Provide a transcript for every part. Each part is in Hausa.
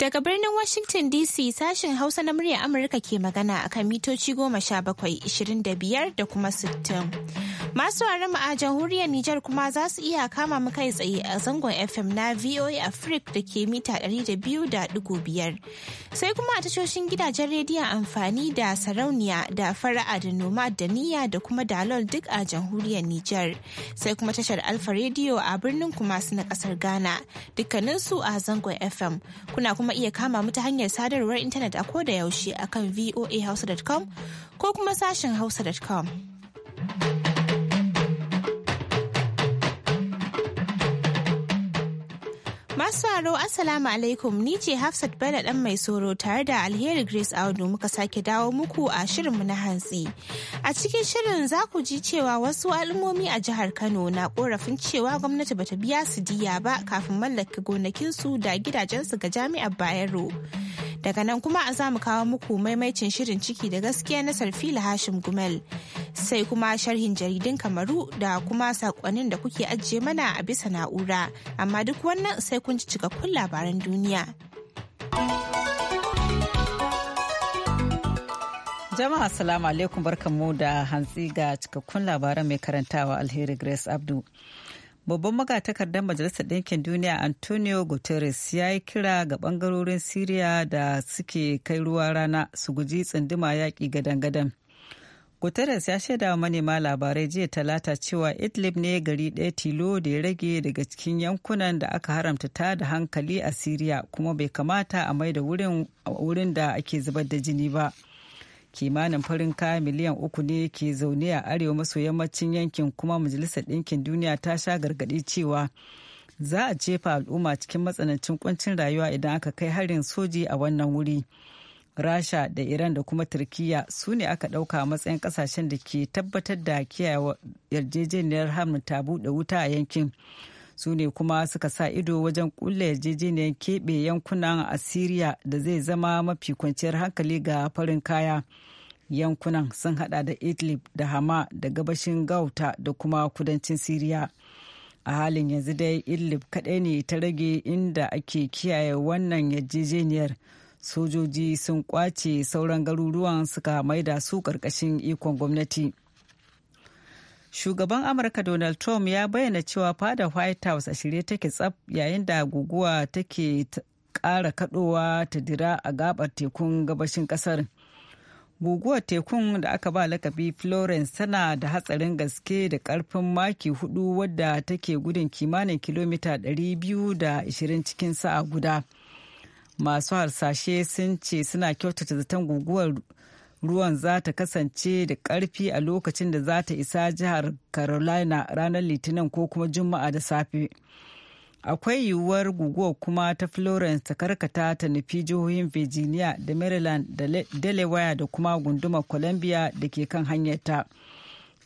Daga birnin Washington DC sashin Hausa na murya Amurka ke magana a kan mitoci goma sha bakwai, ishirin da biyar da kuma sittin. Masu mu a jamhuriyar Nijar kuma za su iya kama mu kai tsaye a zangon FM na VOA Africa da ke mita da da biyu biyar Sai kuma a tashoshin gidajen rediyon amfani da sarauniya da fara'a da noma da niyya da kuma dalol duk a jamhuriyar Nijar. Sai kuma tashar Alfa rediyo a birnin su na kasar Ghana. Dukkaninsu a zangon FM. Kuna kuma iya kama mu ta hanyar sadarwar intanet a da yaushe akan voahausa.com ko kuma sashen hausa.com. thank you Masu aro Assalamu alaikum ni ce Hafsat Bello ɗan mai soro tare da Alheri Grace Audu muka sake dawo muku a shirin mu na hantsi. A cikin shirin za ku ji cewa wasu al'ummomi a jihar Kano na korafin cewa gwamnati bata biya su diya ba kafin mallaka su da gidajensu ga jami'ar Bayero. Daga nan kuma a za mu kawo muku maimaicin shirin ciki da gaskiya na Sarfila Hashim Gumel. sai kuma sharhin jaridun kamaru da kuma sakonnin da kuke ajiye mana a bisa na'ura amma duk wannan sai kun ci cikakkun labaran duniya jama'a salamu alaikum barkanmu da hantsi ga cikakkun labaran mai karantawa alheri grace abdu babban magatakardar majalisar ɗinkin duniya antonio guterres ya yi kira ga ɓangarorin syria da suke kai ruwa rana su guji tsunduma yaƙi gadan-gadan Guterres ya shaida manema labarai jiya talata cewa Idlib ne gari ɗaya tilo da ya rage daga cikin yankunan da aka haramta ta da hankali a Siriya kuma bai kamata a maida wurin da ake zubar da jini ba. Kimanin farin kaya miliyan uku ne ke zaune a arewa maso yammacin yankin kuma Majalisar Ɗinkin Duniya ta sha gargaɗi cewa za a jefa al'umma cikin matsanancin kuncin rayuwa idan aka kai harin soji a wannan wuri. rasha da iran da kuma turkiya su ne aka ɗauka matsayin ƙasashen da ke tabbatar da kiyaye yarjejeniyar ta buɗe wuta a yankin su ne kuma suka sa ido wajen kulle yarjejeniyar keɓe yankunan asiriya da zai zama mafi kwanciyar hankali ga farin kaya yankunan sun hada da idlib da hama da gabashin gauta da kuma kudancin siriya a halin yanzu dai idlib kaɗai ne ta rage inda ake kiyaye wannan yarjejeniyar sojoji sun kwace sauran garuruwan suka maida su ƙarƙashin ikon gwamnati. shugaban amurka donald trump ya bayyana cewa fada white house a shirye take tsab yayin da guguwa take kara kadowa ta dira a gabar tekun gabashin kasar guguwar tekun da aka ba lakabi florence tana da hatsarin gaske da karfin maki hudu wadda take gudun kimanin kilomita 220 cikin sa'a guda. masu harsashe sun ce suna kyautata zaton guguwar ruwan za ta kasance da karfi a lokacin da za ta isa jihar carolina ranar litinin ko kuma juma'a da safe akwai yiwuwar guguwar kuma ta florence ta karkata ta nufi jihohin virginia da maryland da delaware da kuma gunduma columbia da ke kan hanyarta. ta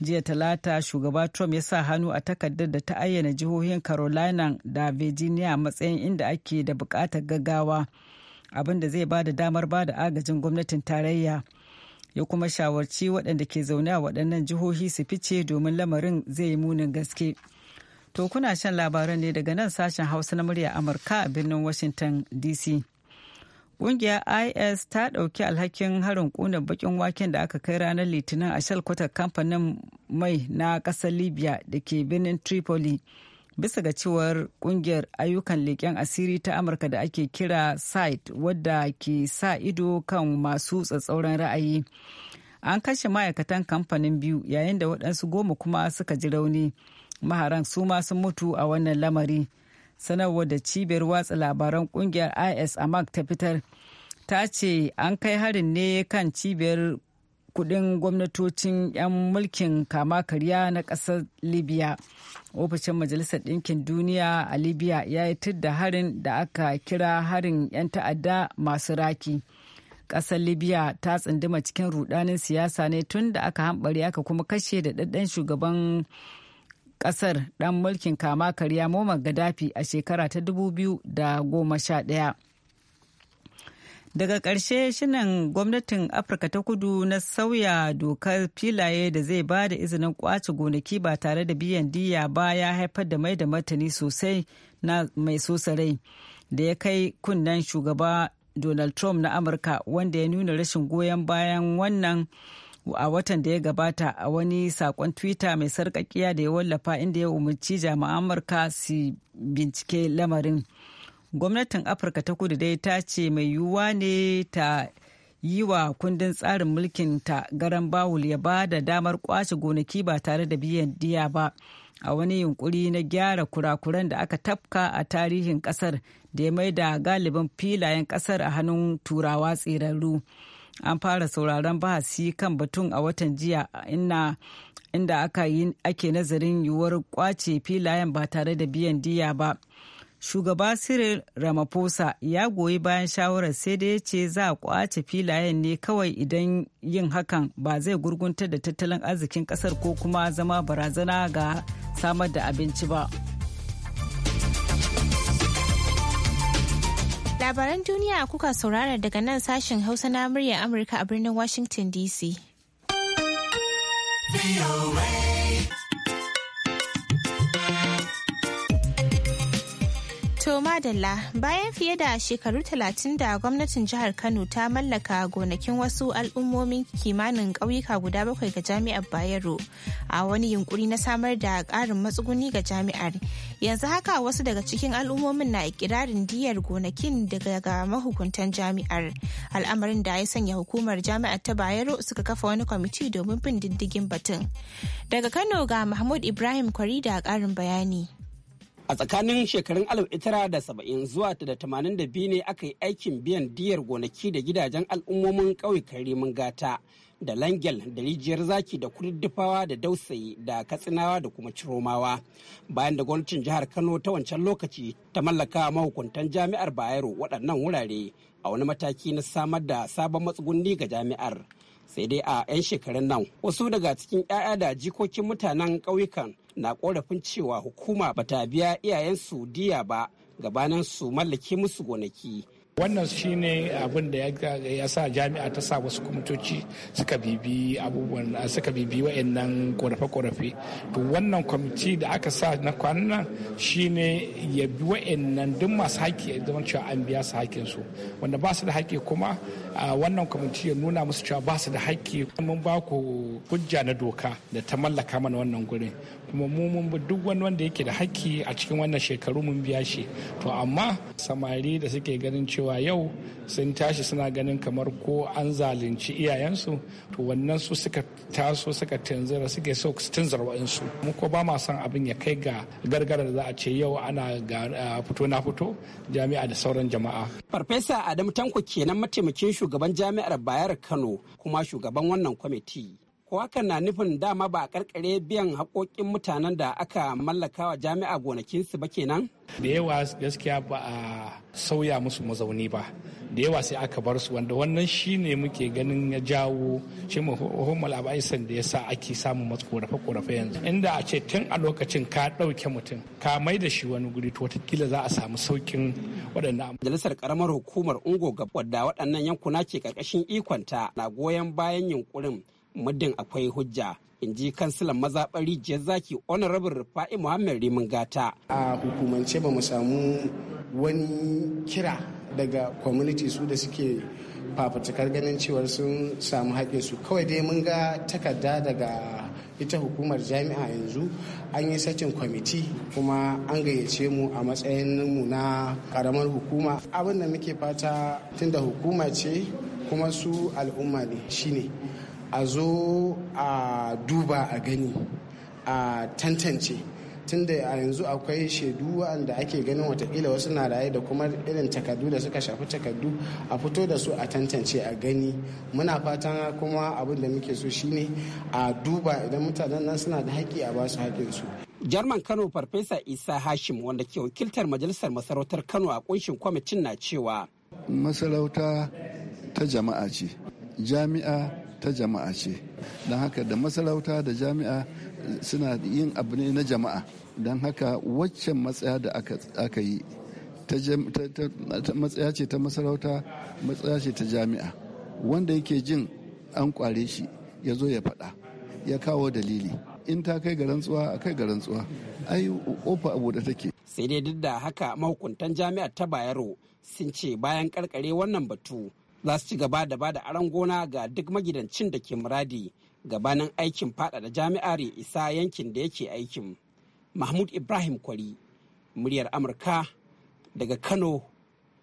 jiya talata shugaba trump ya sa hannu a takardar da ta ayyana jihohin carolina da virginia matsayin inda ake da bukatar gaggawa abin da zai ba da damar ba da agajin gwamnatin tarayya ya kuma shawarci waɗanda ke zaune a waɗannan jihohi su fice domin lamarin zai yi munin gaske to kuna shan labaran ne daga nan sashen hausa na murya amurka a birnin washington dc Ƙungiyar IS ta ɗauki alhakin harin ƙuna bakin waken da aka kai ranar Litinin a shalkwatar kamfanin mai na ƙasar Libya da ke birnin Tripoli. Bisa ga cewar ƙungiyar ayyukan leƙen asiri ta Amurka da ake kira SITE wadda ke sa ido kan masu tsatsauran ra'ayi. An kashe ma'aikatan kamfanin biyu yayin da waɗansu goma kuma suka ji rauni. Maharan su ma sun mutu a wannan lamari. sanarwar da cibiyar watsa labaran kungiyar is a amak ta fitar ta ce an kai harin ne kan cibiyar kudin gwamnatocin 'yan mulkin kama karya na ƙasar libya ofishin majalisar ɗinkin duniya a libya ya yi da harin da aka kira harin 'yan ta'adda masu raki ƙasar libya ta tsunduma cikin rudanin siyasa ne tun da aka hambare aka kuma kashe da ɗaɗɗen shugaban kasar dan mulkin kama karya Muammar Gaddafi a shekara ta 2011. Daga ƙarshe shinan gwamnatin Afirka ta kudu na sauya dokar filaye da zai ba da izinin kwace gonaki ba tare da biyan diya ba ya haifar da mai da martani sosai na mai sosarai da ya kai kunnen shugaba Donald Trump na Amurka wanda ya nuna rashin goyon bayan wannan a watan da ya gabata a wani sakon twitter mai sarkakiya da ya wallafa inda ya umarci jami'an amurka su bincike lamarin gwamnatin afirka ta kudu dai ta ce mai yiwuwa ne ta yi wa kundin tsarin mulkin ta garan bawul ya ba da damar kwace gonaki ba tare da biyan diya ba a wani yunkuri na gyara kurakuran da aka tafka a tarihin kasar da ya mai da galibin filayen kasar a hannun turawa tserarru. an fara sauraron bahasi kan batun a watan jiya inna inda aka yi ake nazarin yiwuwar kwace filayen ba tare da biyan diya ba shugaba cyril ramaphosa ya goyi bayan shawarar sai da ya ce za a kwace filayen ne kawai idan yin hakan ba zai gurgunta da tattalin arzikin kasar ko kuma zama barazana ga samar da abinci ba. Labaran duniya kuka saurara daga nan sashen Hausa na muryar Amurka a birnin Washington DC. To Madalla bayan fiye da shekaru talatin da gwamnatin jihar Kano ta mallaka gonakin wasu al'ummomin kimanin ƙauyuka guda bakwai ga jami'ar Bayero a wani yunkuri na samar da ƙarin matsuguni ga jami'ar. Yanzu haka wasu daga cikin al'ummomin na ikirarin diyar gonakin daga mahukuntan jami'ar. Al'amarin da ya sanya hukumar jami'ar ta Bayero suka kafa wani kwamiti domin bin diddigin batun. Daga Kano ga Mahmud Ibrahim Kwari da ƙarin bayani. A tsakanin shekarun 1970 zuwa da 82 ne aka yi aikin biyan diyar gonaki da gidajen al'ummomin ƙauye rimin Gata da Langel da Rijiyar Zaki da Kududdufawa da Dausayi da Katsinawa da kuma Ciromawa. Bayan da gwamnatin jihar Kano ta wancan lokaci ta mallaka mahukuntan jami'ar Bayero waɗannan wurare a wani mataki na samar da sabon matsugunni ga jami'ar. Sai dai a 'yan shekarun nan wasu daga cikin 'ya'ya da jikokin mutanen ƙauyukan na korafin cewa hukuma ba ta biya iyayensu diya ba gabanin su mallake musu gonaki wannan ne abin da ya sa jami'a ta sa wasu kwamitoci suka bibi abubuwan suka bibi wa'annan korafe-korafe to wannan kwamiti da aka sa na kwanan nan ne ya bi wa'annan duk masu haƙƙi ya zama cewa an biya su haƙƙin su wanda ba su da haƙƙi kuma wannan kwamiti ya nuna musu cewa ba su da haƙƙi mun ba ku hujja na doka da ta mallaka mana wannan gurin kuma mu mun bi duk wani wanda yake da haƙƙi a cikin wannan shekaru mun biya shi to amma samari da suke ganin cewa yau sun tashi suna ganin kamar ko an zalunci iyayensu to wannan su suka taso suka tanzara suke so su tanzara wa'insu mu ko ba ma son abin ya kai ga gargara da za a ce yau ana fito na fito jami'a da sauran jama'a farfesa adamu tanko kenan mataimakin shugaban jami'ar bayar kano kuma shugaban wannan kwamiti ko hakan na nufin dama ba a karkare biyan haƙoƙin mutanen da aka mallaka wa jami'a gonakinsu ba kenan? da yawa gaskiya ba a sauya musu mazauni ba da yawa sai aka bar su wanda wannan shi muke ganin ya jawo shi muhimmal abaisan da ya sa ake samun masu korafe korafe yanzu inda a ce tun a lokacin ka ɗauke mutum ka mai da shi wani guri to watakila za a samu saukin waɗannan majalisar karamar hukumar ungo wadda waɗannan yankuna ke ƙarƙashin ikonta na goyon bayan yunkurin muddin akwai hujja in ji kansilan mazaɓari rijiyar zaki honorable rufa'i muhammad rimin gata a hukumance ba mu samu wani kira daga community su da suke fafatakar ganin cewar sun samu su kawai dai mun ga takarda daga ita hukumar jami'a yanzu an yi sacin kwamiti kuma an gayyace mu a matsayin mu na karamar hukuma abin da muke fata tunda hukuma ce kuma su al'umma ne shine a zo a duba a gani a tantance tunda a yanzu akwai shaidu wanda ake ganin watakila wasu na raye da kuma irin takardu da suka shafi takardu a fito da su a tantance a gani muna fatan kuma abin da muke so shine a duba idan mutanen nan suna da haƙƙi a basu su. jarman kano farfesa isa hashim wanda ke wakiltar majalisar masarautar kano a kunshin kwamitin na cewa masarauta ta jama'a ce jami'a ta jama'a ce don haka da masarauta da jami'a suna yin abu ne na jama'a don haka waccan matsaya da aka yi matsaya ce ta masarauta matsaya ce ta jami'a wanda yake jin an kware shi ya zo ya faɗa ya kawo dalili in ta kai ga rantsuwa a kai ga rantsuwa ai ofa a da take sai dai duk da haka mahukuntan jami'ar ta bayero sun ce bayan karkare wannan batu za su ci gaba da ba da aron gona ga duk magidancin da ke muradi gabanin aikin faɗaɗa jami'ar ya isa yankin da yake aikin mahmud ibrahim kwari muryar amurka daga kano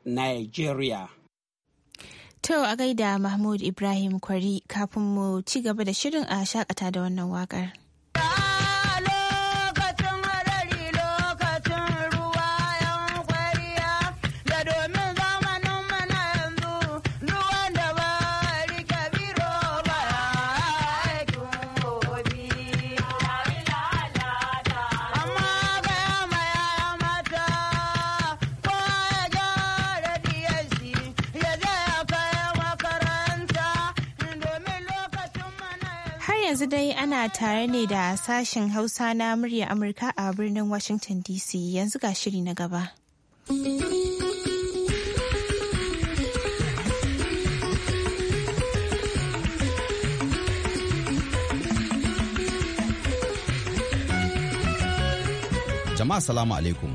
nigeria To a gaida Mahmud Ibrahim Kwari kafin mu ci gaba da shirin a shakata da wannan wakar. yanzu dai ana tare ne da sashen Hausa na murya Amurka a birnin Washington DC yanzu ga shiri na gaba. Jama'a salamu alaikum.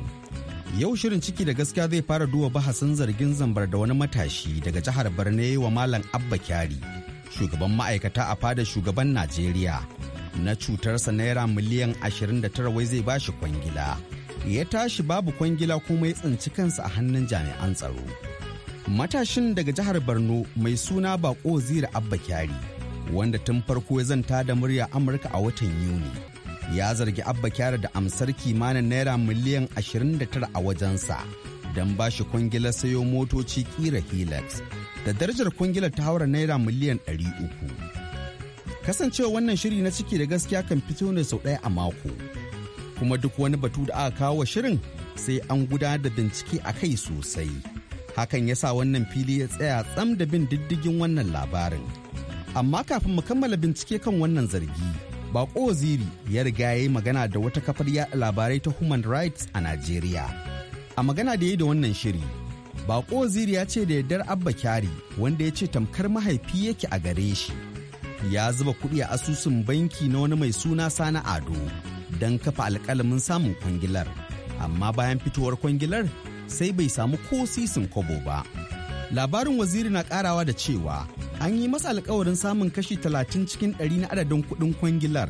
Yau shirin ciki da gaskiya zai fara duba bahasin zargin zambar da wani matashi daga jihar Borno wa Malam Abba Kyari. shugaban ma'aikata a fada shugaban Najeriya na cutarsa naira miliyan 29 wai zai bashi kwangila. Ya tashi babu kwangila kuma ya tsinci kansa a hannun jami'an tsaro. Matashin daga jihar Borno mai suna Bako Zira Abba Kyari, wanda tun farko ya zanta da murya Amurka a watan Yuni. ya zargi abba Kyari da amsar kimanin naira miliyan 29 a wajensa don ba shi kwangilar sayo motoci kira helix da darajar kwangilar ta haura naira miliyan 300. Kasancewa wannan shiri na ciki da gaskiya kan fito ne sau ɗaya a mako. Kuma duk wani batu da aka kawo shirin sai an gudanar da bincike a kai sosai. Hakan ya sa wannan fili ya tsaya tsam da bin diddigin wannan labarin. Amma kafin mu kammala bincike kan wannan zargi, Bako Waziri ya riga ya yi magana da wata kafar yaɗa labarai ta Human Rights a Najeriya. A magana da ya yi da wannan shiri, Bako Waziri ya ce da yardar Abba Kyari wanda ya ce tamkar mahaifi yake a gare shi. Ya zuba kuɗi a asusun banki na wani mai suna Sani Ado don kafa alƙalamin samun kwangilar. Amma bayan fitowar kwangilar sai bai samu ko sisin kobo ba. Labarin waziri na ƙarawa da cewa an yi masa alkawarin samun kashi talatin cikin ɗari na adadin kuɗin kwangilar.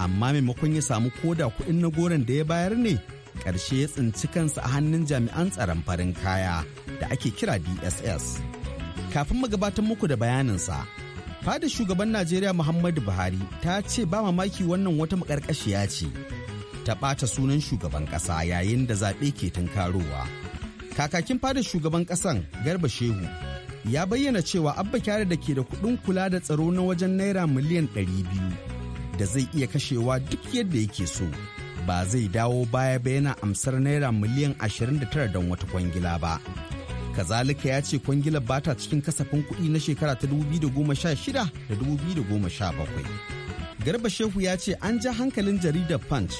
Amma maimakon ya samu koda kuɗin na goron da ya bayar ne, ƙarshe ya tsinci kansa a hannun jami'an tsaron farin kaya. da ake kira DSS. Kafin magabatan muku da bayaninsa, fadar shugaban Najeriya Muhammadu Buhari ta ce ba mamaki wannan wata makarkashiya ce ta ɓata sunan shugaban ƙasa yayin da zaɓe ke tunkarowa. Kakakin fadar shugaban ƙasan Garba Shehu ya bayyana cewa abba kyare da ke da kuɗin kula da tsaro na wajen naira miliyan ɗari biyu da zai iya kashewa duk yadda yake so. ba zai dawo baya ba amsar naira miliyan ashirin da tara don wata kwangila ba kazalika ya ce kwangilar bata cikin kasafin kuɗi na shekara ta 2016 da 2017 Garba Shehu ya ce an ja hankalin jaridar Punch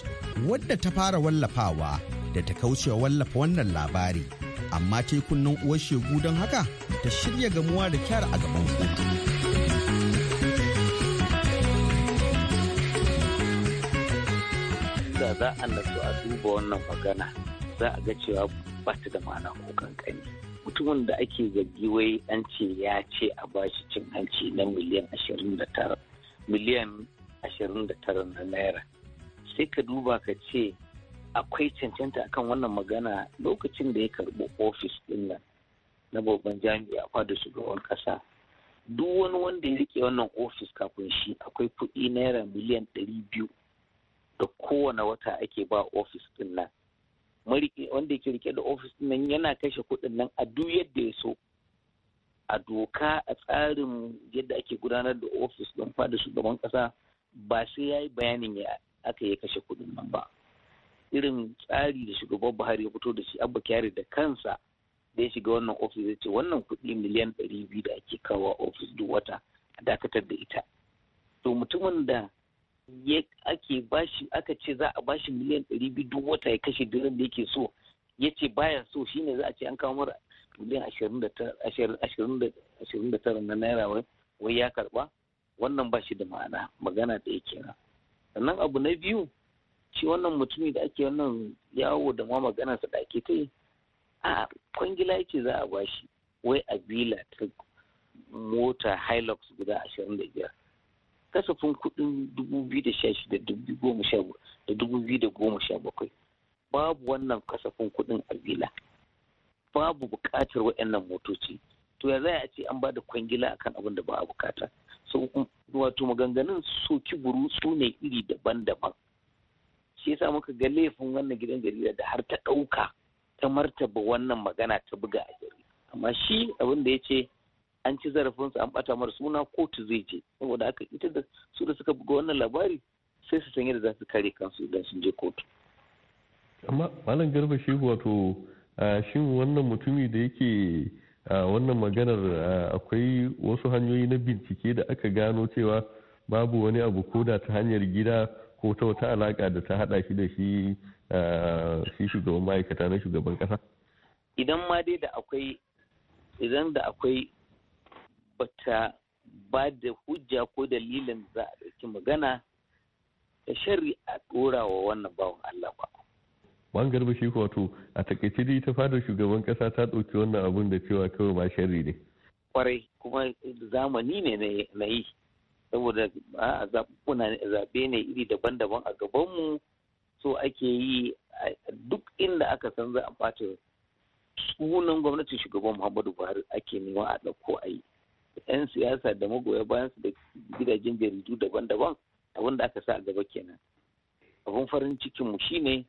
wadda ta fara wallafawa da ta kauce wallafa wannan labari. Amma tekunan uwar shegu don haka ta shirya gamuwa da kyar a gaban kotu. Da za a nasu a duba wannan magana za a ga cewa ba ta da ma'ana ko kankani. mutumin da ake zargi wai an ce ya ce a bashi cin hanci na miliyan 29 miliyan 29 na naira sai ka duba ka ce akwai cancanta akan wannan magana lokacin da ya karɓi ofis ɗinnan nan na babban jami'a fada shugaban ƙasa duk wani wanda ya rike wannan ofis kafin shi akwai kuɗi naira miliyan ɗari biyu da kowane wata ake ba ofis ɗin nan wanda yake rike da ofis nan yana kashe kuɗin nan a duk yadda ya so a doka a tsarin yadda ake gudanar da ofis don fada shugaban kasa ba sai ya yi bayanin ya aka yi kashe kudin nan ba irin tsari da shugaban buhari ya fito da shi abba kyari da kansa da ya shiga wannan ofis ya ce wannan kuɗi miliyan ɗari biyu da ake kawo ofis duk wata a dakatar da ita to mutumin da ya ake bashi aka ce za a bashi miliyan ɗari biyu duk wata ya kashe duran da yake so ya ce baya so shine za a ce an kawo mara miliyan ashirin da tara na naira wai ya karba wannan bashi da ma'ana magana da ya kira sannan abu na biyu shi wannan mutumin da ake wannan yawo da ma magana sa da ake kai a kwangila yake za a bashi wai a bila ta mota hilux guda ashirin da biyar kasafin kudin 2016-2017 babu wannan kasafin kudin a vila babu bukatar waɗannan motoci to ya zai a ce an ba da kwangila akan abin da ba a bukata wato maganganun soki buru su ne iri daban-daban shi yasa muka ga laifin wannan gidan jarida da har ta ɗauka ta martaba wannan magana ta buga a jarida amma shi abin da ya ce an ci zarafinsa an bata mara suna kotu zai je saboda aka ita da su da suka buga wannan labari sai su san yadda za su kare kansu idan sun je kotu amma malam garba shi wato shin wannan mutumi da yake wannan maganar akwai wasu hanyoyi na bincike da aka gano cewa babu wani abu koda ta hanyar gida ko ta wata alaka da ta hada shi da shi shi shugaban ma'aikata na shugaban kasa idan ma dai da akwai idan da akwai bata ba da hujja ko dalilin za a ɗauki magana da shari a ɗora wa wannan bawan Allah ba. Ban garba shi wato a takaice dai ta fadar shugaban ƙasa ta ɗauki wannan abun da cewa kawai ba shari ne. Kwarai kuma zamani ne na yi saboda a zaɓe ne iri daban-daban a gabanmu so ake yi duk inda aka san za a ɓata sunan gwamnatin shugaban Muhammadu Buhari ake nema a ɗauko a yi. 'yan siyasa da magoya bayan su da gidajen jaridu daban-daban abin da aka sa a gaba kenan abin farin cikin mu shine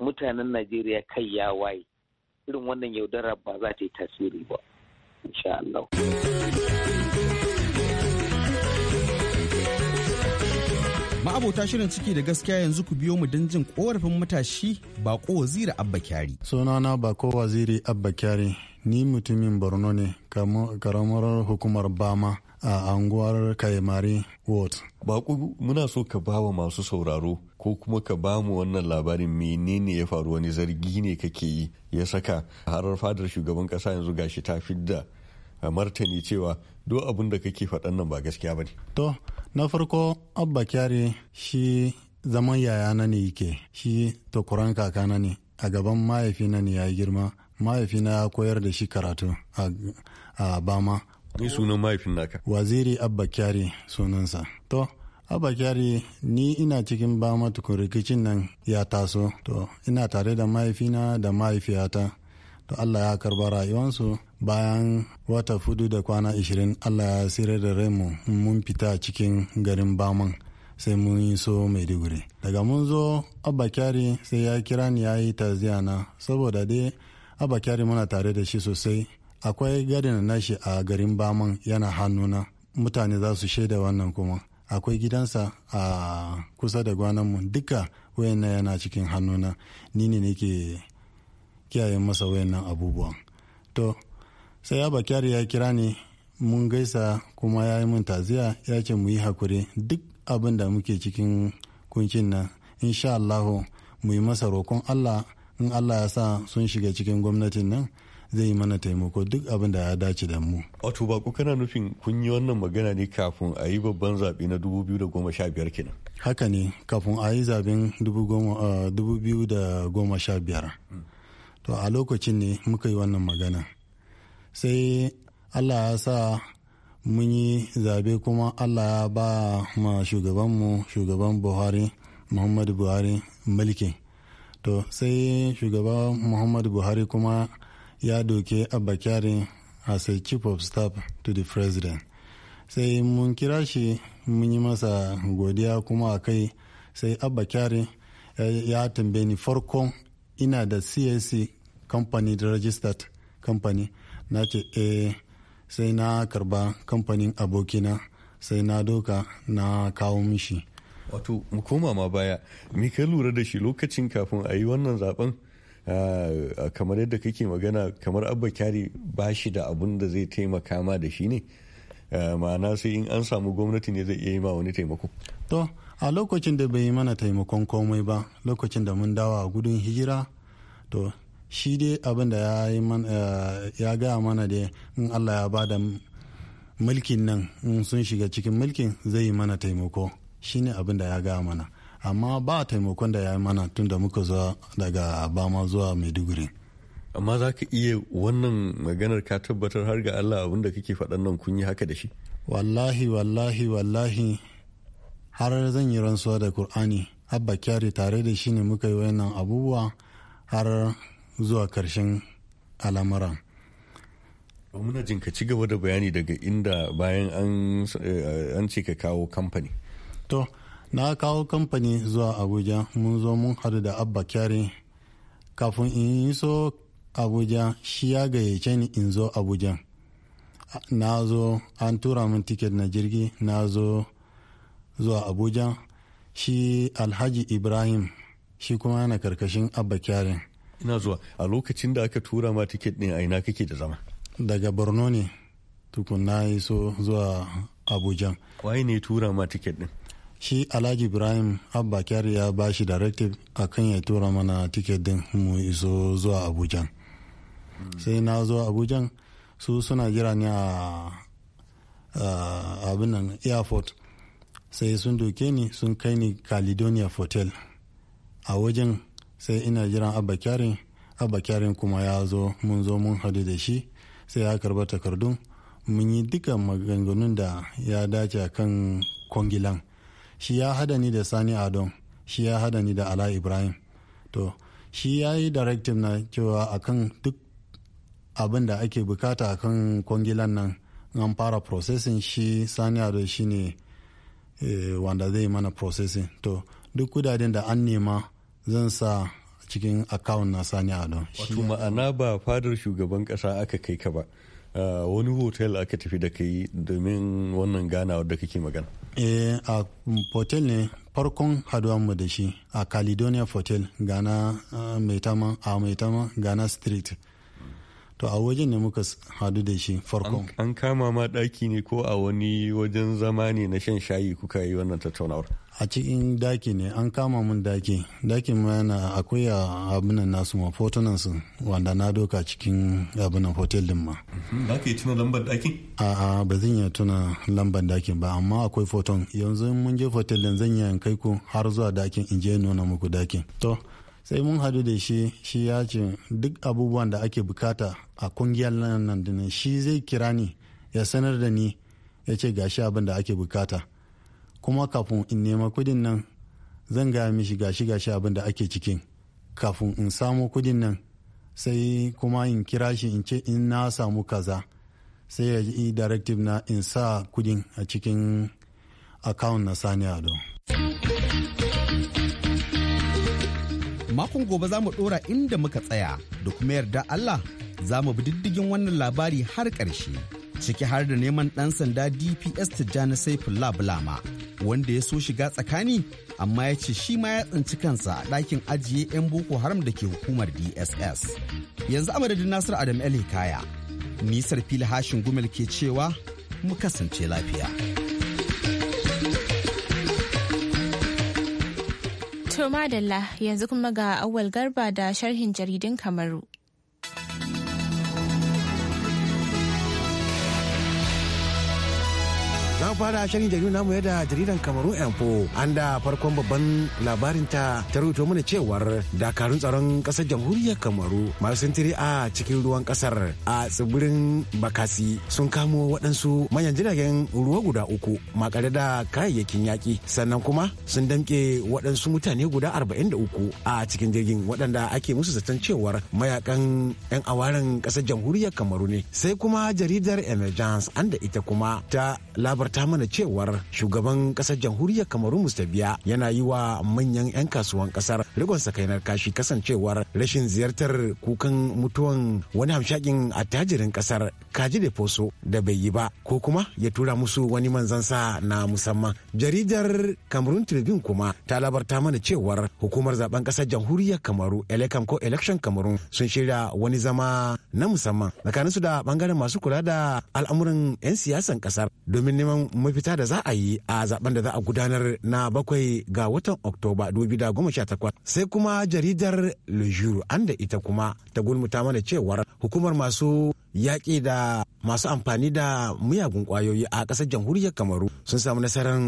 mutanen najeriya kai ya waye irin wannan yaudara ba za ta yi tasiri ba insha Allah. ma'abota shirin ciki da gaskiya yanzu ku biyo mu don jin korafin matashi bako waziri abba kyari sunana bako waziri abba kyari ni mutumin borno ne karamar hukumar bama a anguwar kaimari ward baku muna so ka ba wa masu sauraro ko kuma ka ba mu wannan labarin menene ya faru wani zargi ne kake yi ya saka harar fadar shugaban kasa yanzu gashi ta fi da martani cewa duk abin da kake faɗan nan ba gaskiya ba ne to na farko abba kyare shi zaman yayana ne yake shi tokuran na ne a gaban mahaifina ne ya yi girma mahaifina ya koyar da shi karatu a bama ni sunan mahaifin naka waziri abba kyari sunansa to abba kyari ni ina cikin bama tukun rikicin nan ya taso to ina tare da mahaifina da mahaifiyata to allah ya karba rayuwansu bayan wata fudu da kwana ashirin allah ya sayar da raimu mun fita cikin garin baman sai mun yi so maiduguri daga mun zo abba kyari sai ya kira ni ya yi na saboda dai abba kyari muna tare da shi sosai akwai gadin nashi a garin baman yana hannuna mutane za su shaida wannan kuma akwai gidansa a kusa da gwananmu duka wayannan yana cikin hannuna ni ne nake kiyaye masa wayannan abubuwan to sai abba kyari ya kira ni mun gaisa kuma ya yi mun taziya ya ce mu yi hakuri duk abin da muke cikin kuncin nan insha Allahu mu yi masa roƙon Allah in allah ya sa sun shiga cikin gwamnatin nan zai yi mana taimako duk abin da ya dace da mu. Wato ba kana nufin kun yi wannan magana ne kafin a yi babban zaɓe na 2015 kenan. Haka ne kafin a yi zaɓen 2015. Hmm. To a lokacin ne muka yi wannan magana. Sai Allah ya sa mun yi zaɓe kuma Allah ya ba ma shugabanmu shugaban Buhari Muhammadu Buhari mulkin. to sai shugaba muhammadu buhari kuma ya doke abba kyari as a chief of staff to the president sai mun kira shi mun yi masa godiya kuma a kai sai abba kyari eh, ya tambaye ni farkon ina da csc company da registered company na ce eh sai na karba kamfanin abokina sai na doka na kawo mishi wato mu koma ma baya me ka lura da shi lokacin kafin a yi wannan zaben ah, kamar yadda kake magana kamar abba kyari ba shi da abun da zai taimaka ma da shi ne ah, ma'ana sai in an samu gwamnati ne zai iya yi ma wani taimako to a lokacin da bai yi mana taimakon komai ba lokacin da mun dawa gudun hijira to shi dai abin da ya ah, gaya mana da in allah ya ba da mulkin nan in sun shiga cikin mulkin zai yi mana taimako shine abin da ya gaya mana amma ba taimakon da ya yi mana tun da muka zuwa daga bama zuwa maiduguri amma za ka iya wannan maganar ka tabbatar har ga allah abin da kake faɗan nan kun yi haka da shi wallahi wallahi wallahi har zan yi rantsuwa da kur'ani abba kyari tare da shi ne muka yi wannan abubuwa har zuwa karshen al'amuran muna jin ka ci gaba da bayani daga inda bayan an eh, ce ka kawo kamfani to na kawo kamfani zuwa abuja mun zo mun haɗu da abba kyari kafin in yi so abuja shi ya gayyace ni in zo abuja na zo an tura min tiket na jirgi na zo zuwa abuja shi alhaji ibrahim shi kuma yana karkashin abba kyari ina zuwa a lokacin da aka tura ma tiket ɗin a ina kake da zama daga borno ne tukun na yi so zuwa abuja waye ne tura ma tiket din shi alhaji ibrahim abba kyari ya ba shi directive a kan ya tura mana tiket din mu iso zuwa abuja sai na zuwa abuja su suna jira ni a abin airport sai sun doke ni sun kai ni caledonia hotel a wajen sai ina jiran abba kyari abba kyarin kuma ya zo mun zo mun hadu da shi sai ya karba takardun mun yi duka maganganun da ya dace kan kwangilan shi ya hada ni da sani adon shi ya hada ni da ala ibrahim to shi ya yi directive na cewa akan duk abin da ake bukata akan kwangilan nan an fara processing shi sani adon shi ne eh, wanda zai mana processing to duk kudaden da an nema zan sa cikin account na sani adon wato ma'ana ba fadar shugaban kasa aka kai ka ba ah, wani hotel aka tafi da kai domin wannan ganawa da kake magana eh a hotel ne farkon mu da shi a caledonia hotel gana eh, maitama a maitama gana street to a wajen ne muka hadu da shi farkon an kama ma daki ne ko a wani wajen zama ne na shan shayi kuka yi wannan tattaunawar a cikin daki ne an kama mun daki daki ma yana akwai a abinan nasu ma fotunan su wanda na doka cikin abinan hotel din ma da mhm, tuna lambar daki a a ba zan iya tuna lambar dakin ba amma akwai foton yanzu mun je hotel din zan iya kai ku har zuwa dakin in je nuna muku dakin to sai mun hadu da shi shi ya ce duk abubuwan da ake bukata a kungiyar nan shi zai kira ni ya sanar da ni ya ce gashi abin da ake bukata kuma kafin in nema kudin nan zan gaya mishi gashi gashi abin da ake cikin kafin in samu kudin nan sai kuma in kira shi in ce in na samu kaza sai ya yi directive na in sa kudin a cikin account na sani ado makon gobe za mu dora inda muka tsaya da kuma yarda allah za mu bi diddigin wannan labari har ƙarshe ciki har da neman ɗan sanda dps tijjani saifullah bulama wanda ya so shiga tsakani amma ya ce shi ma ya tsinci kansa a ɗakin ajiye 'yan boko haram da ke hukumar dss yanzu a madadin nasir adam el kaya nisar fili hashin gumel ke cewa mu kasance lafiya to madalla yanzu kuma ga awal garba da sharhin jaridun kamaru za fara shirin jaridu namu yadda jaridan kamaru info an da farkon babban labarin ta ta rubuto mana cewar dakarun tsaron kasar jamhuriyar kamaru masu sintiri a cikin ruwan kasar a tsibirin bakasi sun kamo waɗansu manyan jiragen ruwa guda uku makare da kayayyakin yaƙi sannan kuma sun damƙe waɗansu mutane guda arba'in da uku a cikin jirgin waɗanda ake musu zaton cewar mayakan 'yan awarin kasar jamhuriyar kamaru ne sai kuma jaridar emergence an da ita kuma ta labarta mana cewar shugaban kasar jamhuriyar kamaru mustabiya yana yi wa manyan 'yan kasuwan kasar rigon sakainar kashi kasancewar rashin ziyartar kukan mutuwan wani hamshakin attajirin kasar kaji da foso da bai yi ba ko kuma ya tura musu wani manzansa na musamman jaridar kamarun tribune kuma ta labarta mana cewar hukumar zaben kasar jamhuriyar kamaru elekam ko election kamaru sun shirya wani zama na musamman tsakaninsu da bangaren masu kula da al'amuran 'yan siyasan kasar domin domin neman mafita da za a yi a zaben da za a gudanar na bakwai ga watan oktoba 2018 sai kuma jaridar le jour an da ita kuma ta gulmuta mana cewar hukumar masu yaƙi da masu amfani da miyagun kwayoyi a ƙasar jamhuriyar kamaru sun samu nasarar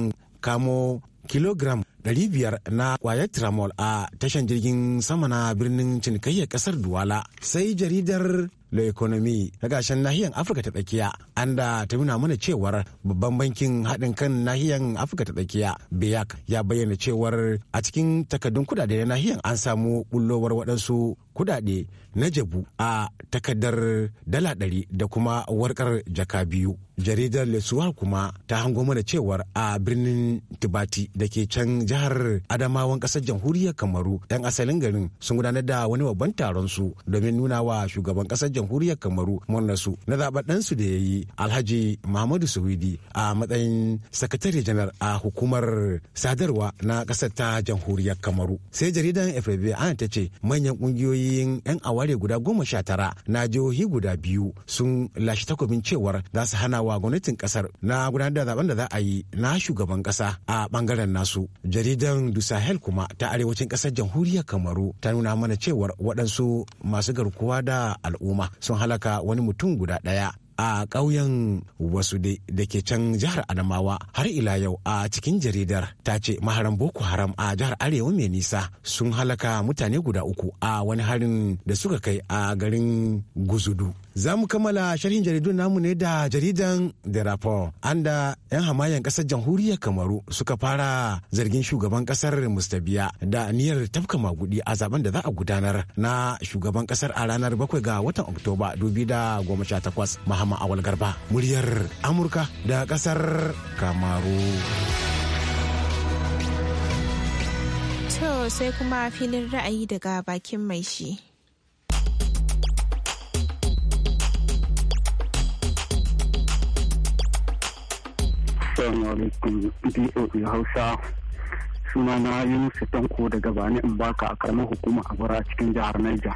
kamo kilogram 500 na kwayar tramol a tashan jirgin sama na birnin cinikayyar kasar duwala sai jaridar le economy na gashen nahiyar afirka ta tsakiya an da ta nuna mana cewar babban bankin haɗin kan nahiyar afirka ta tsakiya biyak ya bayyana cewar a cikin takardun kudade na nahiyar an samu bullowar waɗansu kudade na jabu a takardar dala ɗari da kuma warkar jaka biyu jaridar lesuwa kuma ta hango mana cewar a birnin tibati da ke can jihar Adamawan kasar jamhuriyar Kamaru yan asalin garin sun gudanar da wani babban taron su domin nuna wa shugaban kasar jamhuriyar Kamaru su na zaɓen ɗansu da ya yi Alhaji Muhammadu Suwidi a matsayin sakatare janar a hukumar sadarwa na kasar ta jamhuriyar Kamaru. Sai jaridan FB an ta ce manyan ƙungiyoyin 'yan aware guda goma sha tara na jihohi guda biyu sun lashe takobin cewar za su hana wa gwamnatin kasar na gudanar da zaben da za a yi na shugaban kasa a bangaren nasu. jaridan du sahel kuma ta arewacin kasar jamhuriyar kamaru ta nuna mana cewar waɗansu masu garkuwa da al'umma sun halaka wani mutum guda ɗaya a ƙauyen wasu da ke can jihar Adamawa har ila yau a cikin jaridar ta ce maharan Boko Haram a jihar Arewa mai nisa sun halaka mutane guda uku a wani harin da suka kai a garin Guzudu. Za mu kammala sharhin jaridun namu ne da jaridan The Rapport, an da 'yan hamayen ƙasar jamhuriyar Kamaru suka fara zargin shugaban ƙasar Mustabiya da niyyar tafka magudi a zaben da za a gudanar na shugaban ƙasar a ranar 7 ga watan Oktoba 2018. Muhammad kama Awal Garba muryar Amurka da kasar Kamaru. To sai kuma filin ra'ayi daga bakin mai shi. Assalamu Hausa suna na musu Tanko daga Bani in baka a karamar hukuma a bara cikin jihar Niger.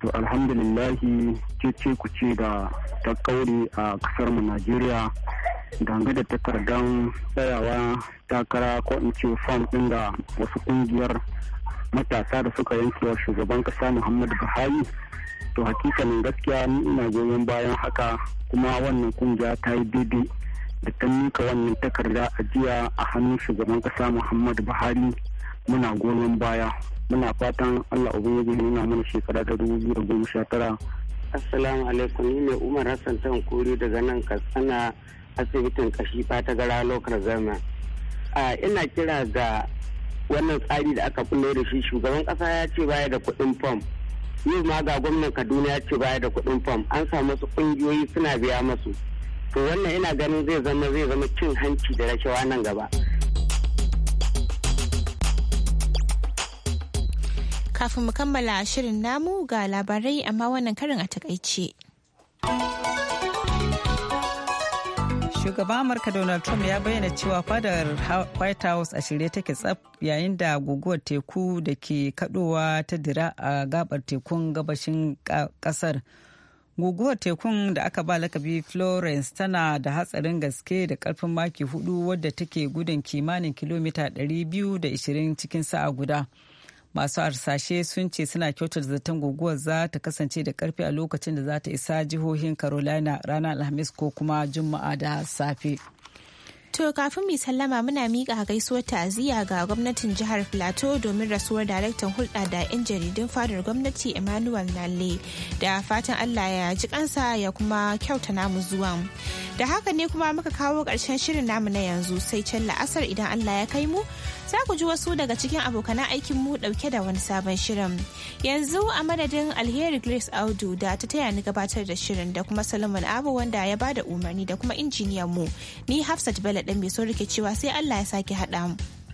to ce cece ku ce da ta kaure a kasar mu najeriya dangane da takardar tsayawa takara ko in ce fam ɗin da wasu ƙungiyar matasa da suka yanke wa shugaban kasa muhammadu buhari to hakikanin gaskiya ni ina goyon bayan haka kuma wannan kungiya ta yi daidai da ta nika wannan takarda a jiya a hannun shugaban kasa muhammadu buhari muna goyon baya muna fatan Allah ubangiji ya nuna mana shekara ta dubu biyu da goma sha tara. Assalamu alaikum ni ne Umar Hassan Tankuri daga nan Katsina asibitin kashi ta gara lokar zama. ina kira ga wannan tsari da aka bullo da shi shugaban kasa ya ce baya da kuɗin fam. Yau ma ga gwamnan Kaduna ya ce baya da kuɗin fam an samu su ƙungiyoyi suna biya masu. To wannan ina ganin zai zama zai zama cin hanci da rashawa nan gaba. Kafin mu kammala shirin namu ga labarai amma wannan karin a takaice. shugaban amurka donald trump ya bayyana cewa fadar white house a shirye take tsaf yayin da guguwar teku da ke kadowa ta dira a gabar tekun gabashin kasar guguwar tekun da aka ba lakabi florence tana da hatsarin gaske da karfin maki hudu wadda take gudun kimanin kilomita 220 cikin sa'a guda. masu arsashe sun ce suna kyautar zaton guguwar za ta kasance da karfi a lokacin da za ta isa jihohin carolina ranar alhamis ko kuma juma'a da safe To kafin mu sallama muna miƙa gaisuwar ta'aziyya ga gwamnatin jihar Plateau domin rasuwar daraktan hulɗa da 'yan jaridun fadar gwamnati Emmanuel Nalle da fatan Allah ya ji kansa ya kuma kyauta namu zuwa Da haka ne kuma muka kawo ƙarshen shirin namu na yanzu sai can la'asar idan Allah ya kai mu za ku ji wasu daga cikin abokan aikin mu dauke da wani sabon shirin. Yanzu a madadin Alheri Grace Audu da ta taya ni gabatar da shirin da kuma salomon Abu wanda ya bada umarni da kuma injiniyan mu. Ni Hafsat Bello dan mai son rike cewa sai Allah ya sake haɗa mu.